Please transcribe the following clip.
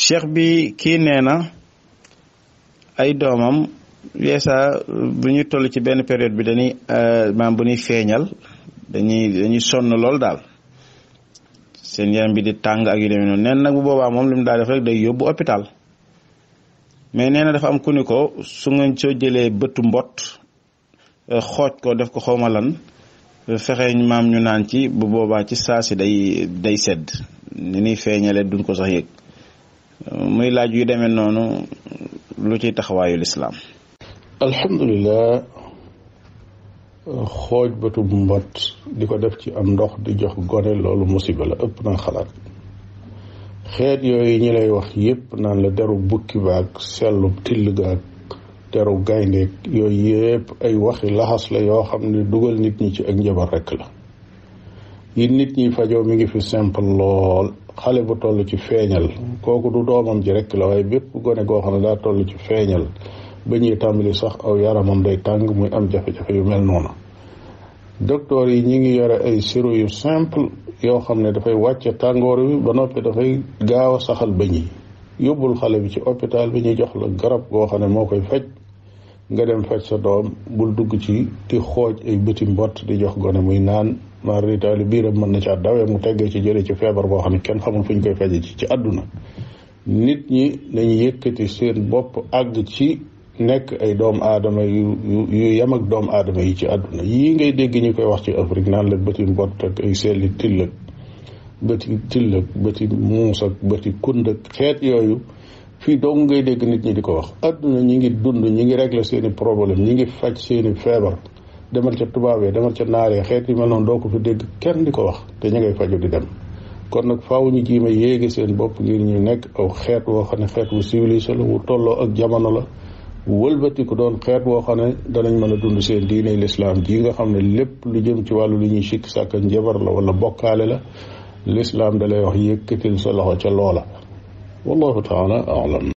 cheikh bi kii nee na ay doomam yeesa bu ñu toll ci benn période bi dañuy euh, maam bu ñuy feeñal dañuy dañuy sonn lool daal seen yaram bi di tàng ak yu demee noonu nee nag bu boobaa moom li mu daa def rek day yóbbu hôpital mais nee na dafa am ku ni ko su ngeen soo jëlee bëtu mbott euh, xooj ko def ko xawma lan fexe maam ñu naan ci bu boobaa ci saa si day day sedd ni ñuy feeñale duñ ko sax yëg muy laaj yu demee noonu lu ciy taxawaayu lislaam alhamdulilah xooj bëtu mbott di ko def ci am ndox di jox gone loolu musiba la ëpp naa xalaat xeet yooyu ñu lay wax yépp naan la deru bukki baag sellub till gaag deru gayndeeg yooyu yépp ay waxi laxas la yoo xam ne dugal nit ñi ci ak njabar rekk la yi nit ñi fajoo mi ngi fi simple lool xale bu toll ci feeñal kooku du doomam ji rek la waaye bépp gone goo xam ne daa toll ci feeñal ba ñuy tàmbali sax aw yaramam day tàng muy am jafe-jafe yu mel noonu docteur yi ñu ngi yore ay siro yu simple yoo xam ne dafay wàcce tàngoor bi ba noppi dafay gaaw a saxal bëñ yi yóbbul xale bi ci hôpital bi ñu jox la garab goo xam ne moo koy faj nga dem faj sa doom bul dugg ci di xooj ay bëti mbott di jox gone muy naan naar ritaali biiram mën na ci dawee mu teggee ci jële ci feebar boo xam ne kenn xamul fu ñu koy faje ci ci àdduna nit ñi dañu yëkkati seen bopp àgg ci nekk ay doomu aadama yu yu yem ak doomu aadama yi ci àdduna yii ngay dégg ñu koy wax ci Afrique naan la bëti mbott ak ay selli till ak bëti till ak bëti muus ak bëti kund ak xeet yooyu fii dong ngay dégg nit ñi di ko wax àdduna ñi ngi dund ñi ngi régler seen i problème ñi ngi faj seeni feebar demal ca tubaab yi demal ca naaree xeet yi mel noonu doo ko fi dégg kenn di ko wax te ñu ngay faju di dem kon nag faw ñu jiima yéegi seen bopp ngir ñu nekk aw xeet woo xam ne xeet wu civilisé la wu tolloo ak jamono la wëlbatiku doon xeet woo xam ne danañ mën a dund seen diine lislaam ji nga xam ne lépp lu jëm ci wàllu li ñuy sikk sàkk njabar la wala bokkaale la lislaam dalay wax yëkkatil sa loxo ca loola wallahu taala alam